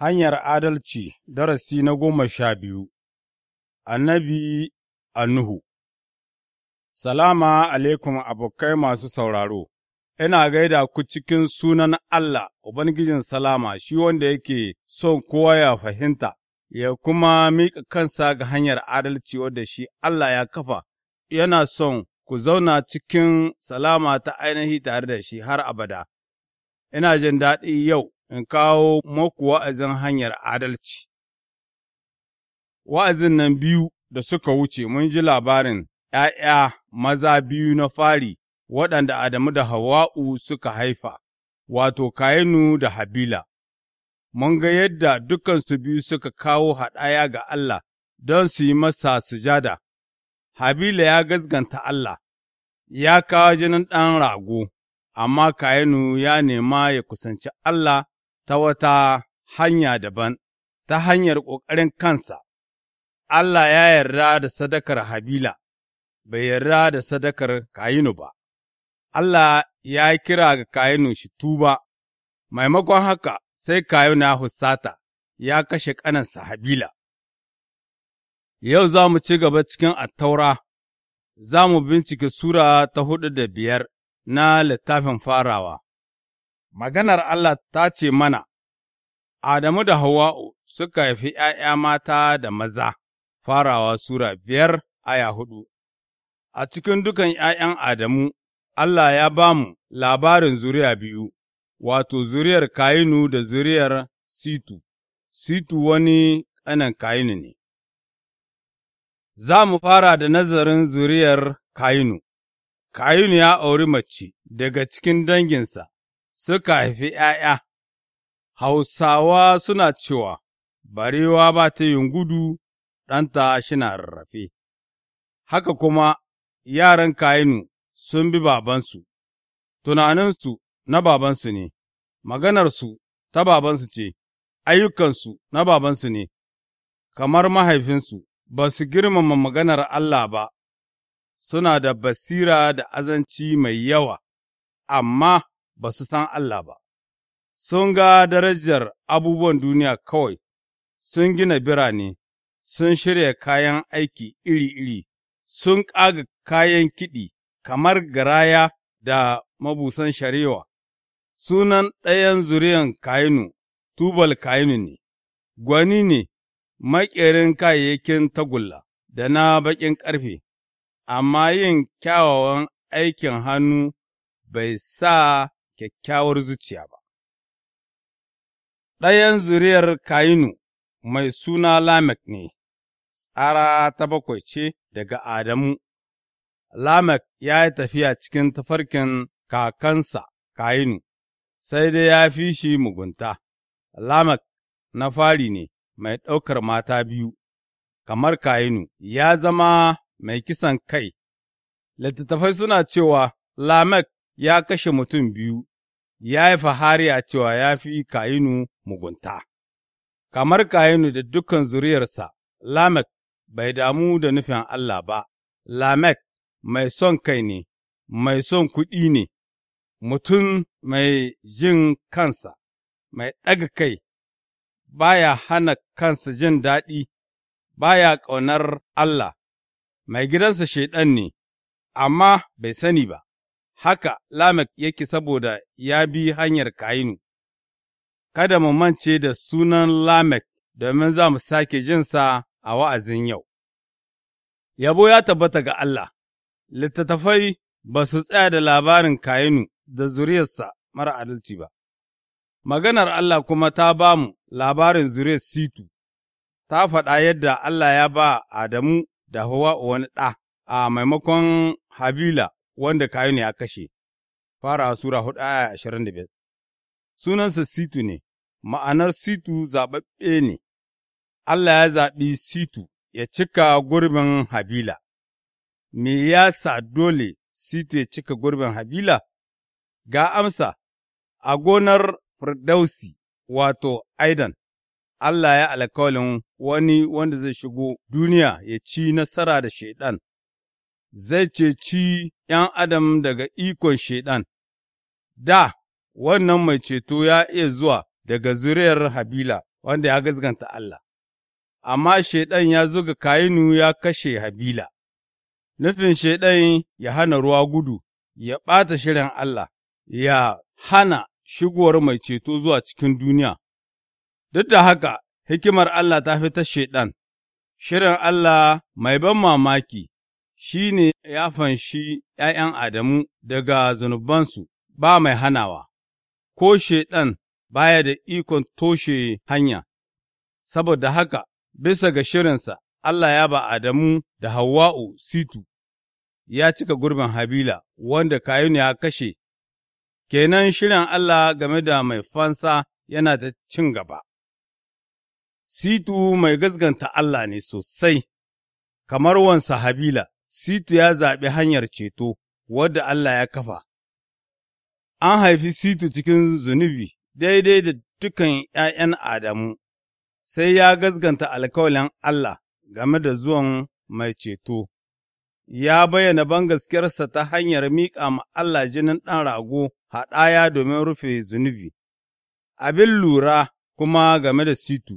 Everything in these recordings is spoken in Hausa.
Hanyar Adalci Darasi na goma sha biyu Annabi anuhu Salama alaikum abokai masu sauraro, ina gaida ku cikin sunan Allah, Ubangijin Salama, shi wanda yake son kowa ya fahimta, ya kuma miƙa kansa ga hanyar adalci wadda shi Allah ya kafa, yana son ku zauna cikin salama ta ainihi tare da shi har abada. Ina jin daɗi yau in kawo maku wa'azin hanyar adalci. Wa'azin nan biyu da suka wuce mun ji labarin ’ya'ya maza biyu na fari waɗanda Adamu da Hawa'u suka haifa, wato Kayinu da Habila. Mun ga yadda dukansu biyu suka kawo haɗaya ga Allah don su yi masa sujada. Habila ya gazganta Allah, ya kawo jinin ɗan rago, amma kayanu ya nema ya kusanci Allah ta wata hanya daban, ta hanyar ƙoƙarin kansa, Allah ya yarda da sadakar Habila, bai yarda da sadakar Kayinu ba, Allah ya kira ga Kayinu shi tuba, maimakon haka sai Kayinu ya husata, ya kashe ƙanansa Habila. Yau za mu ci gaba cikin attaura, za mu bincike Sura ta hudu da biyar na littafin farawa. maganar Allah ta ce mana, Adamu da Hawwa'u suka haifi ’ya'ya mata da maza, farawa Sura biyar aya hudu. A cikin dukan ’ya'yan Adamu, Allah ya ba mu labarin zuriya biyu, wato zuriyar Kayinu da zuriyar Situ, Situ wani ƙanan Kayinu ne. Za mu fara da nazarin zuriyar Kayinu. Kayinu ya auri mace daga cikin danginsa, suka haifi ’ya'ya, Hausawa suna cewa, Barewa ba ta yin gudu, ɗanta shina rarrafe, haka kuma yaran Kayinu sun bi babansu, tunaninsu na babansu ne, maganarsu ta babansu ce, ayyukansu na babansu ne, kamar mahaifinsu, ba su girmama maganar Allah ba, suna da basira da azanci mai yawa, amma ba su san Allah ba, sun ga darajar abubuwan duniya kawai, sun gina birane, sun shirya kayan aiki iri-iri, sun ƙaga kayan kiɗi kamar garaya da mabusan sharewa. Sunan ɗayan zuriyan Kainu, Tubal Kainu ne, gwani ne maƙerin kayayyakin tagulla da na baƙin ƙarfe, amma yin kyawawan aikin hannu bai sa kyakkyawar zuciya ba. Ɗayan zuriyar Kayinu mai suna Lamek ne, tsara ta bakwai ce daga Adamu. Lamek ya yi tafiya cikin tafarkin kakansa Kayinu, sai dai ya fi shi mugunta. Lamek na fari ne mai ɗaukar mata biyu, kamar Kayinu, ya zama mai kisan kai. Littattafai suna cewa Lamek ya kashe mutum biyu, ya yi fahari a cewa ya fi Kayinu mugunta. Kamar Kayinu da dukan zuriyarsa, Lamek bai damu da nufin Allah ba, Lamek mai son kai ne, mai son kuɗi ne, mutum mai jin kansa, mai ɗaga kai, baya hana kansa jin daɗi, baya ƙaunar Allah, mai gidansa Shaiɗan ne, amma bai sani ba. haka Lamek yake saboda ya bi hanyar Kayinu. Kada mu mance da sunan Lamek domin za mu sake jinsa a wa'azin yau. Yabo ya tabbata ga Allah, littattafai ba su tsaya da labarin Kayinu da zuriyarsa mara adalci ba. Maganar Allah kuma ta ba mu labarin zuriyar Situ, ta faɗa yadda Allah ya ba Adamu da Hawa wani ɗa a maimakon Habila wanda ne a kashe, fara Sura hudu aya ashirin da biyar. Sunansa Situ ne, ma'anar Situ zaɓaɓɓe ne, Allah ya zaɓi Situ ya cika gurbin Habila. Me ya sa dole Situ ya cika gurbin Habila? Ga amsa, a gonar Firdausi, wato Aidan, Allah ya alkawalin wani wanda zai shigo duniya ya ci nasara da Shaiɗan. zai ceci ’yan adam daga ikon Shaiɗan, da wannan mai ceto ya iya zuwa daga zuriyar Habila wanda ya gazganta Allah, amma Shaiɗan ya zuga Kayinu ya kashe Habila, nufin Shaiɗan ya hana ruwa gudu, ya ɓata shirin Allah, ya hana shigowar mai ceto zuwa cikin duniya. Duk da haka, hikimar Allah ta fi ta Shaiɗan, shirin Allah mai ban mamaki shi ne ya fanshi ’ya'yan Adamu daga zunubansu ba mai hanawa, ko Shaiɗan baya da ikon toshe hanya, saboda haka, bisa ga shirinsa, Allah ya ba Adamu da Hawwa'u situ, ya cika gurbin Habila wanda Kayun ya kashe, kenan shirin Allah game da mai fansa yana da cin gaba. Situ mai gaskanta Allah ne sosai, kamar wansa Habila. Situ ya zaɓi hanyar ceto wadda Allah ya kafa. An haifi Situ cikin zunubi daidai da dukan ’ya'yan Adamu, sai ya gazganta alkawalin Allah game da zuwan mai ceto, ya bayyana bangaskiyarsa ta hanyar miƙa ma Allah jinin ɗan rago haɗaya domin rufe zunubi. Abin lura kuma game da Situ,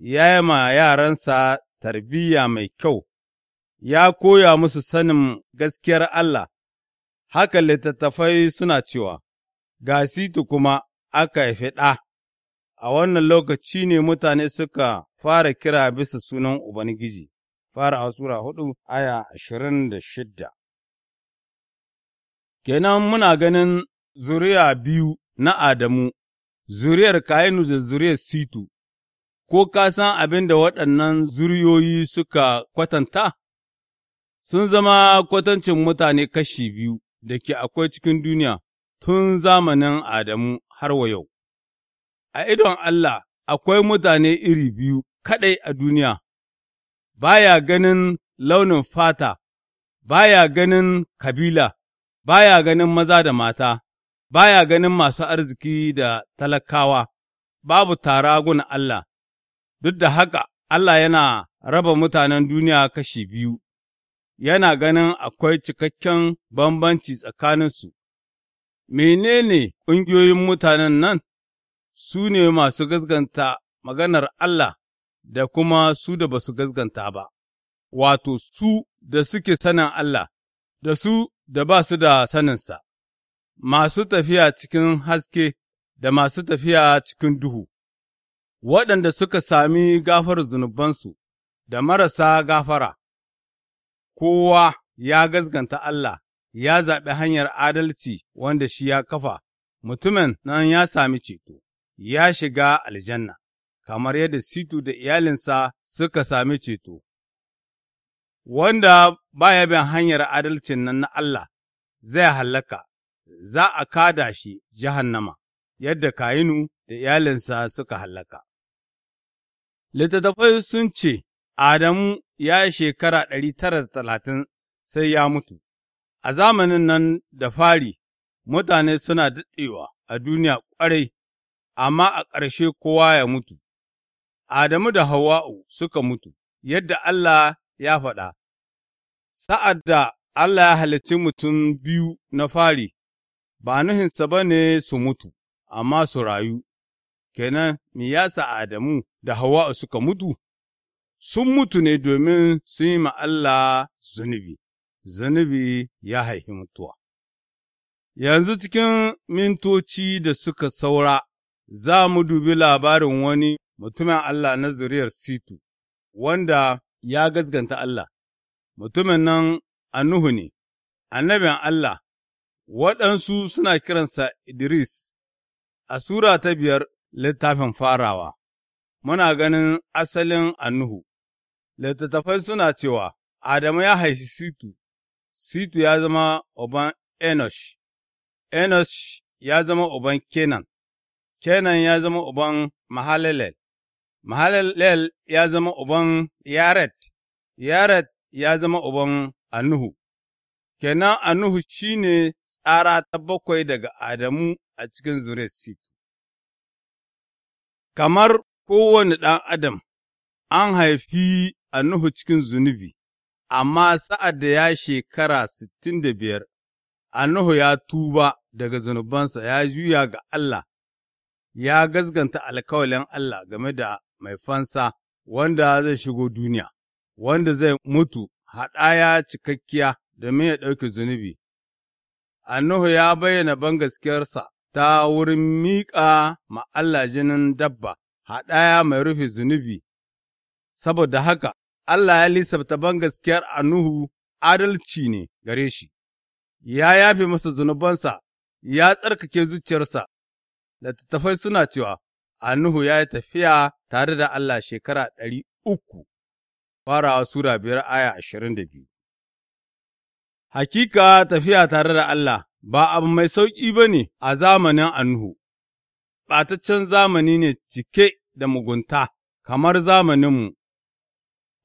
ya yi ma yaransa tarbiyya mai kyau ya koya musu sanin gaskiyar Allah, haka littattafai suna cewa, Ga Situ kuma aka haifi ɗa, a wannan lokaci ne mutane suka fara kira bisa sunan Ubangiji, fara a Sura hudu aya ashirin da shidda. Kenan muna ganin zuriya biyu na Adamu, zuriyar Kayinu da zuriyar Situ, ko ka san abin da waɗannan zuriyoyi suka kwatanta? sun zama kwatancin mutane kashi biyu da ke akwai cikin duniya tun zamanin Adamu har wa yau. A idon Allah akwai mutane iri biyu kaɗai a duniya, baya ganin launin fata, baya ganin kabila, baya ganin maza da mata, baya ganin masu arziki da talakawa, babu tara gun Allah, duk da haka Allah yana raba mutanen duniya kashi biyu. yana ganin akwai cikakken bambanci tsakaninsu. Menene ƙungiyoyin mutanen nan? Su ne masu gaskanta maganar Allah da kuma su da ba su gaskanta ba, wato, su da suke sanin Allah, da su da ba su da saninsa, masu tafiya cikin haske da masu tafiya cikin duhu, waɗanda suka sami gafar zunubansu da marasa gafara. kowa ya gaskanta Allah, ya zaɓi hanyar adalci wanda shi ya kafa, mutumin nan ya sami ceto, ya shiga aljanna, kamar yadda Situ da iyalinsa suka sami ceto. Wanda baya bin hanyar adalcin nan na Allah zai hallaka, za a kada shi jahannama, yadda Kayinu da iyalinsa suka hallaka. Littattafai sun ce, Adamu ya yi shekara ɗari tara da talatin sai ya mutu. A zamanin nan da fari, mutane suna daɗewa a duniya ƙwarai, amma a ƙarshe kowa ya mutu. Adamu da Hawwa'u suka mutu, yadda Allah ya faɗa. Sa'ad da Allah ya halicci mutum biyu na fari, ba nuhinsa ba ne su mutu, amma su rayu, kenan me yasa Adamu da Hawwa'u suka mutu? sun mutu ne domin sun yi Allah zunubi, zunubi ya haifi mutuwa. Yanzu cikin mintoci da suka saura, za mu dubi labarin wani mutumin Allah na zuriyar Situ, wanda ya gazganta Allah, mutumin nan Anuhu ne, annabin Allah, waɗansu suna kiransa Idris, a Sura ta biyar littafin farawa, muna ganin asalin Anuhu. littattafai suna cewa Adamu ya haifi Situ, Situ ya zama uban Enosh, Enosh ya zama uban Kenan, Kenan ya zama uban Mahalalel, Mahalalel ya zama uban Yaret, Yaret ya zama uban Anuhu. Kenan Anuhu shi ne tsara ta bakwai daga Adamu a cikin zure Situ. Kamar kowane ɗan Adam, an haifi a Nuhu cikin zunubi, amma sa'ad da ya shekara sittin da biyar, a Nuhu ya tuba daga zunubansa ya juya ga Allah, ya gazganta alkawalin Allah game da mai fansa wanda zai shigo duniya, wanda zai mutu haɗaya cikakkiya domin ya ɗauki zunubi. Nuhu ya bayyana bangaskiyarsa ta wurin miƙa ma Allah jinin dabba, haɗaya mai rufe zunubi, saboda haka Allah ya lissafta ban gaskiyar a Nuhu adalci ne gare shi, ya yafe masa zunubansa, ya tsarkake zuciyarsa, littattafai suna cewa a Nuhu ya yi tafiya tare da Allah shekara ɗari uku, farawa Sura biyar aya ashirin da biyu. Hakika tafiya tare da Allah ba abu mai sauƙi ba ne a zamanin Anuhu, ɓataccen zamani ne cike da mugunta, kamar zamaninmu,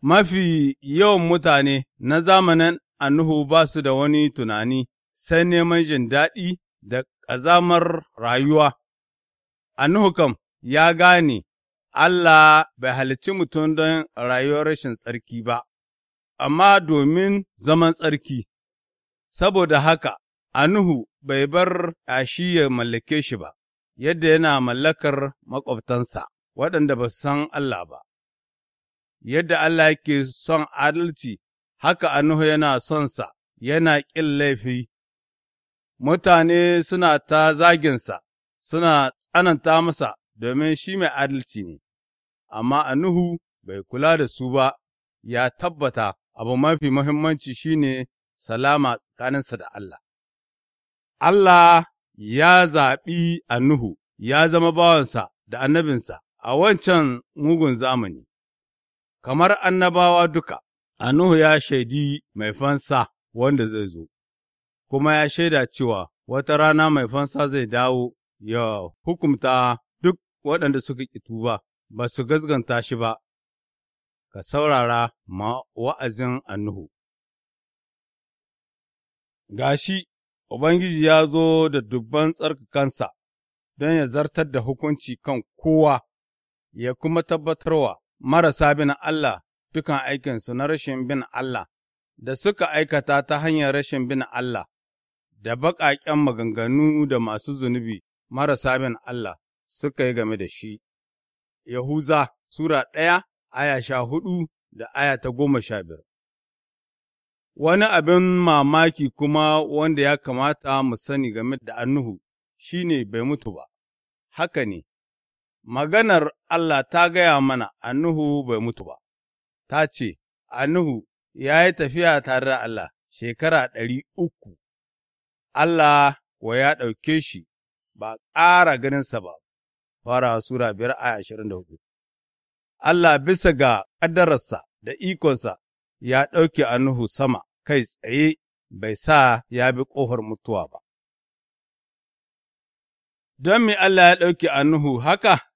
Mafi yawan mutane na zamanin Annuhu ba su da wani tunani sai neman jin daɗi da ƙazamar rayuwa. Annuhu kam ya gane Allah bai halicci mutum don rayuwar rashin tsarki ba, amma domin zaman tsarki, saboda haka Anuhu bai bar ashi ya mallake shi ba, yadda yana mallakar maƙwabtansa waɗanda ba su san Allah ba. yadda Allah yake son adalci, haka Anuhu yana sonsa, yana ƙin laifi. Mutane suna ta zaginsa, suna tsananta masa domin shi mai adalci ne, amma Anuhu bai kula da su ba, ya tabbata abu mafi muhimmanci shine salama tsakaninsa da Allah. Allah ya zaɓi Anuhu, ya zama bawansa da annabinsa a wancan mugun zamani. kamar annabawa duka, Anuhu ya shaidi mai fansa wanda zai zo, kuma ya shaida cewa wata rana mai fansa zai dawo ya hukumta duk waɗanda suka ƙitu ba, ba su gazganta shi ba, ka saurara ma wa'azin Anuhu. shi Ubangiji ya zo da dubban tsarkakansa don ya zartar da hukunci kan kowa, ya kuma tabbatarwa marasa bin Allah dukan aikinsu na rashin bin Allah da suka aikata ta hanyar rashin bin Allah, da baƙaƙen maganganu da masu zunubi marasa bin Allah suka yi game da shi. Yahuza Sura ɗaya, aya sha hudu da aya ta goma sha biyar. Wani abin mamaki kuma wanda ya kamata mu sani game da annuhu shi ne bai mutu ba, haka ne, maganar Allah ta gaya mana Annuhu bai mutu ba, ta ce, Annuhu ya yi tafiya tare da Allah shekara ɗari uku, Allah wa ya ɗauke shi ba ƙara ganinsa ba, fara Sura biyar a ashirin da hudu. Allah bisa ga ƙaddararsa da ikonsa ya ɗauke Annuhu sama kai tsaye bai sa ya bi ƙofar mutuwa ba. Don me Allah ya ɗauke Annuhu haka?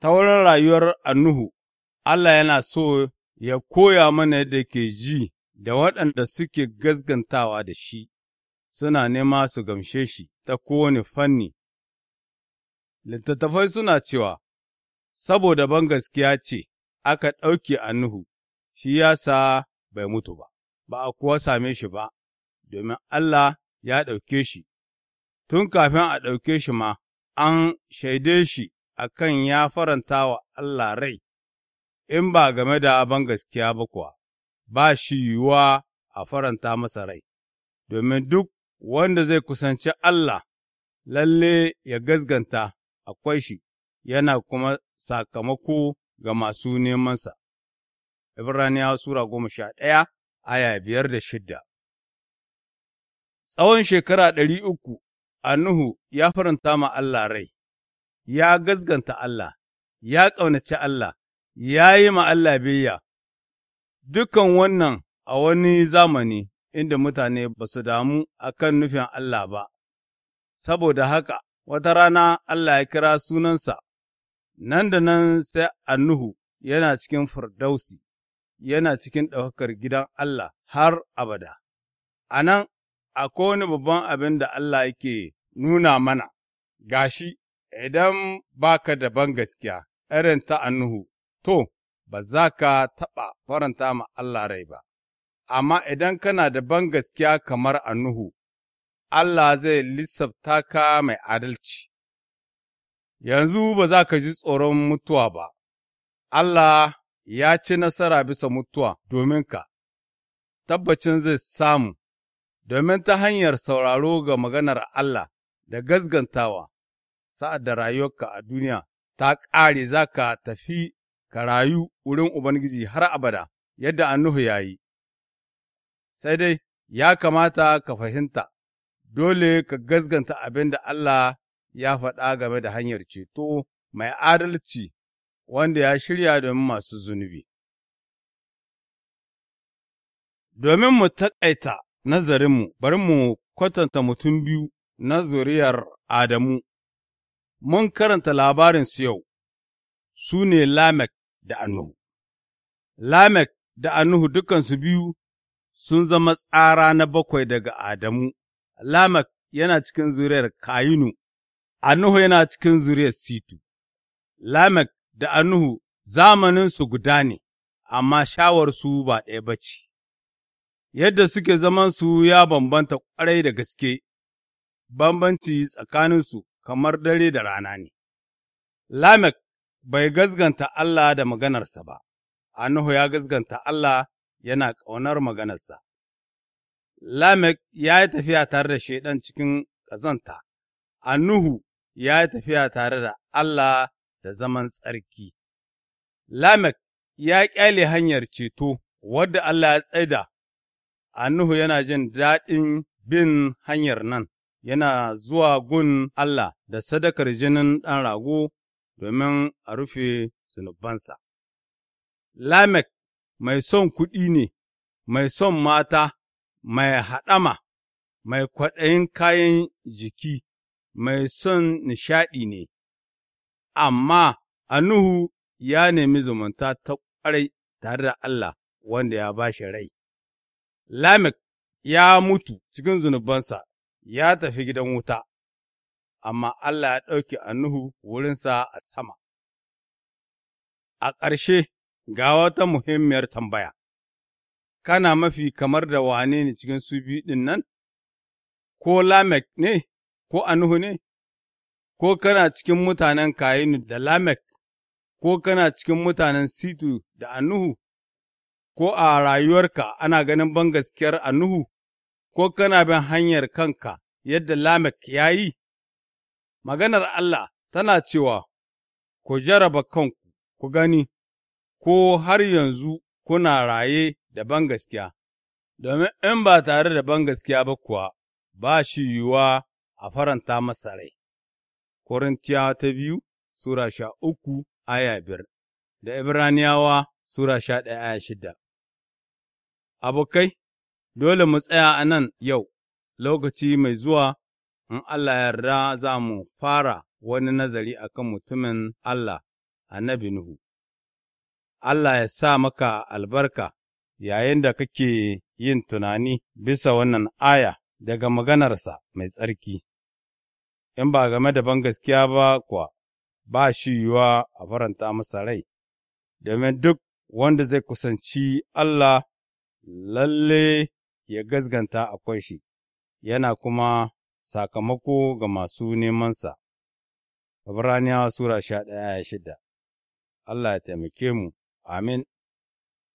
ta wurin rayuwar Annuhu, Allah yana so ya koya mana yadda ke ji da waɗanda suke gazgantawa da shi, suna nema su gamshe shi ta kowane fanni. Littattafai suna cewa, Saboda bangaskiya ce aka ɗauke Annuhu, shi ya sa bai mutu ba, ba a kuwa same shi ba, domin Allah ya ɗauke shi, tun kafin a ɗauke shi ma, an shaide shi a kan ya faranta wa Allah rai, in ba game da abin gaskiya ba kuwa, ba shi yiwuwa a faranta masa rai, domin duk wanda zai kusanci Allah lalle ya gazganta akwai shi, yana kuma sakamako ga masu nemansa. Ibraniya Sura goma sha ɗaya, aya biyar da shidda. Tsawon shekara ɗari uku, Anuhu ya faranta ma Allah rai. ya gazganta Allah, ya ƙaunaci Allah, ya yi ma Allah biyya. Dukan wannan a wani zamani inda mutane ba su damu a kan nufin Allah ba, saboda haka wata rana Allah ya kira sunansa, nan da nan sai Annuhu yana cikin Firdausi, yana cikin ɗaukakar gidan Allah har abada. A nan, akwai wani babban abin da Allah yake nuna mana, gashi idan ba ka da ban gaskiya irin ta annuhu, to, ba za ka taɓa faranta ma Allah rai ba, amma idan kana da ban gaskiya kamar annuhu, Allah zai lissafta ka mai adalci. Yanzu ba za ka ji tsoron mutuwa ba, Allah ya ci nasara bisa mutuwa domin ka, tabbacin zai samu, domin ta hanyar sauraro ga maganar Allah da gazgantawa. sa'ad da rayuwarka a duniya ta ƙare za ka tafi ka rayu wurin Ubangiji har abada, yadda Annuhu ya yi. Sai dai ya kamata ka fahimta, dole ka gazganta abin da Allah ya faɗa game da hanyar ceto mai adalci wanda ya shirya domin masu zunubi. Domin mu taƙaita nazarinmu, bari mu kwatanta mutum biyu na zuriyar Adamu mun karanta labarin su yau, su ne Lamek da Anuhu. Lamek da Anuhu dukansu biyu sun zama tsara na bakwai daga Adamu, Lamek yana cikin zuriyar Kayinu, Anuhu yana cikin zuriyar Situ. Lamek da Anuhu zamaninsu guda ne, amma shawarsu ba ɗaya ba ce. Yadda suke zamansu ya bambanta ƙwarai da gaske, bambanci tsakaninsu kamar dare da rana ne. Lamek bai gazganta Allah da maganarsa ba, Anuhu ya gazganta Allah yana ƙaunar maganarsa. Lamek ya yi tafiya tare da Shaiɗan cikin ƙazanta, Anuhu ya yi tafiya tare da Allah da zaman tsarki. Lamek ya ƙyale hanyar ceto wadda Allah ya tsaida, Anuhu yana jin daɗin bin hanyar nan. yana zuwa gun Allah da sadakar jinin ɗan rago domin a rufe zunubansa. Lamek mai son kuɗi ne, mai son mata, mai haɗama, mai kwaɗayin kayan jiki, mai son nishaɗi ne, amma Anuhu ya nemi zumunta ta ƙwarai tare da Allah wanda ya ba shi rai. Lamek ya mutu cikin zunubansa ya tafi gidan wuta, amma Allah ya ɗauke Nuhu wurinsa a sama. A ƙarshe ga wata muhimmiyar tambaya, kana mafi kamar da wane ne cikin su biyu ɗin nan, ko Lamek ne, ko nuhu ne, ko kana cikin mutanen Kayinu da Lamek, ko kana cikin mutanen Situ da Anuhu, ko a rayuwarka ana ganin bangaskiyar Anuhu ko kana bin hanyar kanka yadda Lamek ya yi? Maganar Allah tana cewa, Ku jaraba kanku, ku gani, ko har yanzu kuna raye da bangaskiya, domin in ba tare da bangaskiya ba kuwa, ba shi yiwuwa a faranta masa rai. Korintiya ta biyu, Sura sha uku, aya biyar, da Ibraniyawa Sura sha ɗaya, aya shida. Abokai, dole mu tsaya a nan yau, lokaci mai zuwa, in Allah yarda za mu fara wani nazari a kan mutumin Allah, annabi Nuhu. Allah ya sa maka albarka yayin da kake yin tunani bisa wannan aya daga maganarsa mai tsarki, in ba game da ban gaskiya ba kuwa ba shi yiwuwa a faranta masa rai, domin duk wanda zai kusanci Allah lalle ya gazganta akwai shi, yana kuma sakamako ga masu nemansa. Ibraniyawa Sura sha ɗaya shida Allah ya taimake mu, amin.